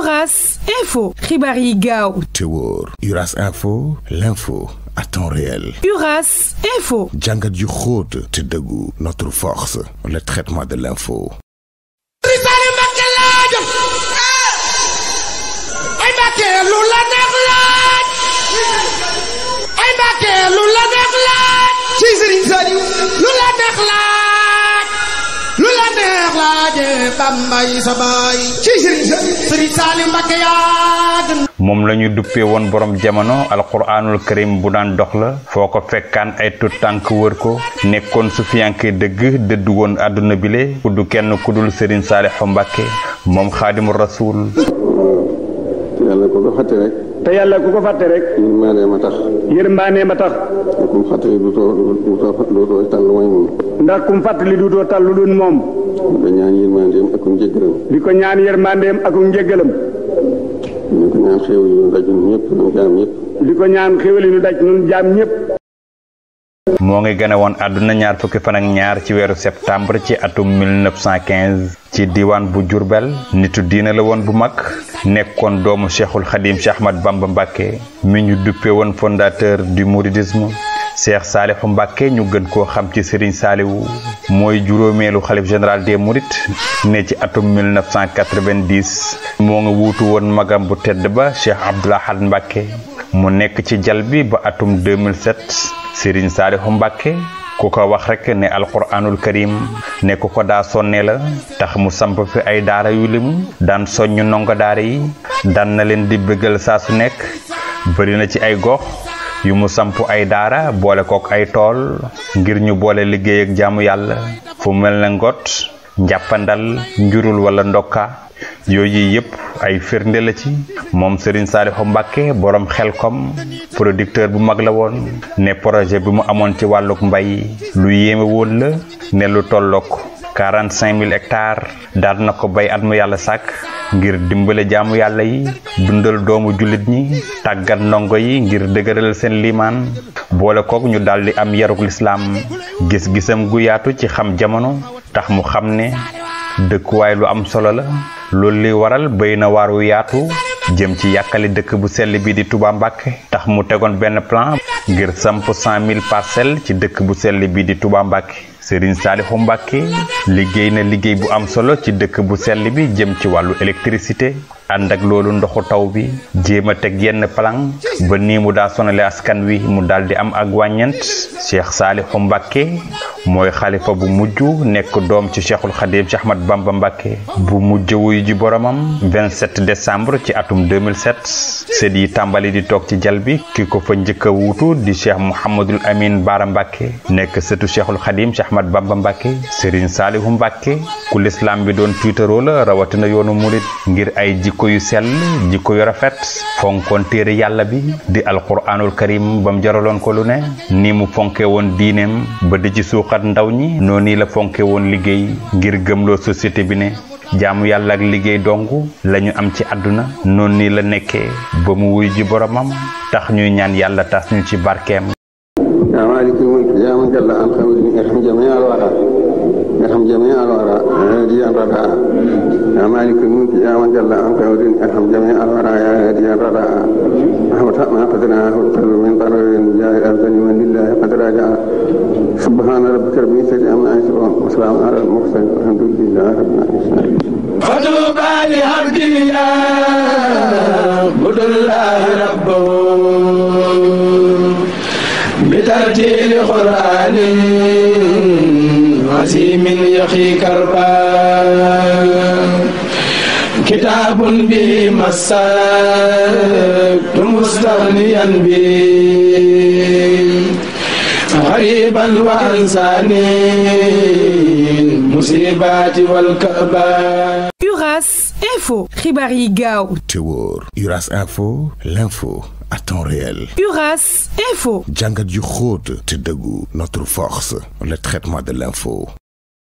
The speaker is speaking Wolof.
Uras Info Ribari Gao Uras Info l'info à temps réel Uras Info Django yu xóot notre force le traitement de l'info eh! ay moom lañuy ñu duppee woon borom jamono alquraanul karim bu daan dox la foo ko fekkaan ay tuttànk wër ko nekkoon su fiyanke dëgg dëddu woon àdduna bile ku kenn ku dul sëriñ saalixu mbàkke moom xaadimu rasuul te yàlla ku ko fàtte rek. ndax kum fàttali du doo tal lu dun ko ñaan yërmandeem ak njëggalam di ko ñaan yërmandeem ak njëggalam di ko ñaan xéewal yu daj ñun ñëpp ñun jaam ñëpp di ñaan xéewal yu daj ñun jaam ñëpp moo ngi gëna won aduna ñaar fukki fan ak ñaar ci wéru septembre ci atum 1915 ci diwan bu jurbel nitu diina la won bu mak nekkon doomu cheikhul khadim cheikh ahmad bamba mbacke mi ñu duppé won fondateur du mouridisme Cheikh Saalihu Mbàkke ñu gën koo xam ci Serigne Saalihu mooy juróomeelu xalif général des Mourides ne ci atum 1990 moo ngi wuutu woon magam bu tedd ba Cheikh Abdoul Ahad Mbàkke mu nekk ci jal bi ba atum 2007 Serigne Saalihu Mbàkke ku ko wax rek ne alquranul karim ne ku ko daa sonne la tax mu samp fi ay daara yu lim daan soññ ndongo daara yi daan na leen di bëggal saa su nekk bëri na ci ay gox yu mu samp ay daara boole kook ay tool ngir ñu boole liggéey ak jaamu yàlla fu mel na ngot njàppandal njurul wala ndokka yooyu yëpp ay firnde la ci moom Serigne Saliou Mbacké xel xelkom producteur bu mag la woon ne projet bi mu amoon ci wàlluk mbay lu yéeme woon la ne lu tollook quarante cinq mille hectares daal na ko bay at mu yàlla sàkk ngir dimbale jaamu yàlla yi dundal doomu jullit ñi tàggat ndongo yi ngir dëgëral seen liimaan boole kook ñu daldi am yaruk lislaam gis-gisam gu yaatu ci xam jamono tax mu xam ne dëkkuwaay lu am solo la loolu li waral béy na waar wu yaatu jëm ci yàkkali dëkk bu sell bi di tubaa Mbacké tax mu tegoon benn plan ngir samp cent mille parcelles ci dëkk bu sell bi di tubaa Mbacké Serigne Saliou Mbacké liggéey na liggéey bu am solo ci dëkk bu sell bi jëm ci wàllu électricité ànd ak loolu ndoxu taw bi jéem a teg yenn plan ba ni mu daa sonale askan wi mu daldi am ak wàññeent Cheikh Saliou Mbacké mooy xalifa bu mujj nekk doom ci Cheikhul Khadim Cheikh Bamba Mbacké bu mujj wuyu ji boromam 27 décembre ci atum 2007 sët yi tàmbali di toog ci jal bi ki ko fa njëkk a di Cheikh Mouhamadul Amin Bara Mbacké nekk sëtu Cheikhul Khadim Ahmad Bamba Mbacke Serigne Salihu mbàkke ku lislaam bi doon tiitaroo la rawatina yoonu murit ngir ay jikko yu sell jikko yu rafet fonkoon téere yàlla bi di alquranul karim ba mu jaraloon ko lu ne nii mu fonke woon diineem ba di ci suuxat ndaw ñi nii la fonke woon liggéey ngir gëmloo société bi ne jaamu yàlla ak liggéey dong lañu am ci àdduna noon ni la nekke ba mu wuy ji boromam tax ñuy ñaan yàlla tas ñu ci barkeem جميع الورى ارحم جميع الورى يا هادي الردى يا مالك الملك يا من جل عن كون ارحم جميع الورى يا هادي الردى احوط ما قدرناه القلب من قرر جاء الافضل من لله قد راجع سبحان ربك رب العزه عما يصفون وسلام على المرسلين والحمد لله رب العالمين. خذوا بالي هرجيا بترتيل قرآن عزيم يخي كربا كتاب به مساك مستغنيا به غريبا وأنساني المصيبات والكربات Info Ribari Gao te Uras Info l'info à temps réel Uras Info jàngat yu notre force le traitement de l'info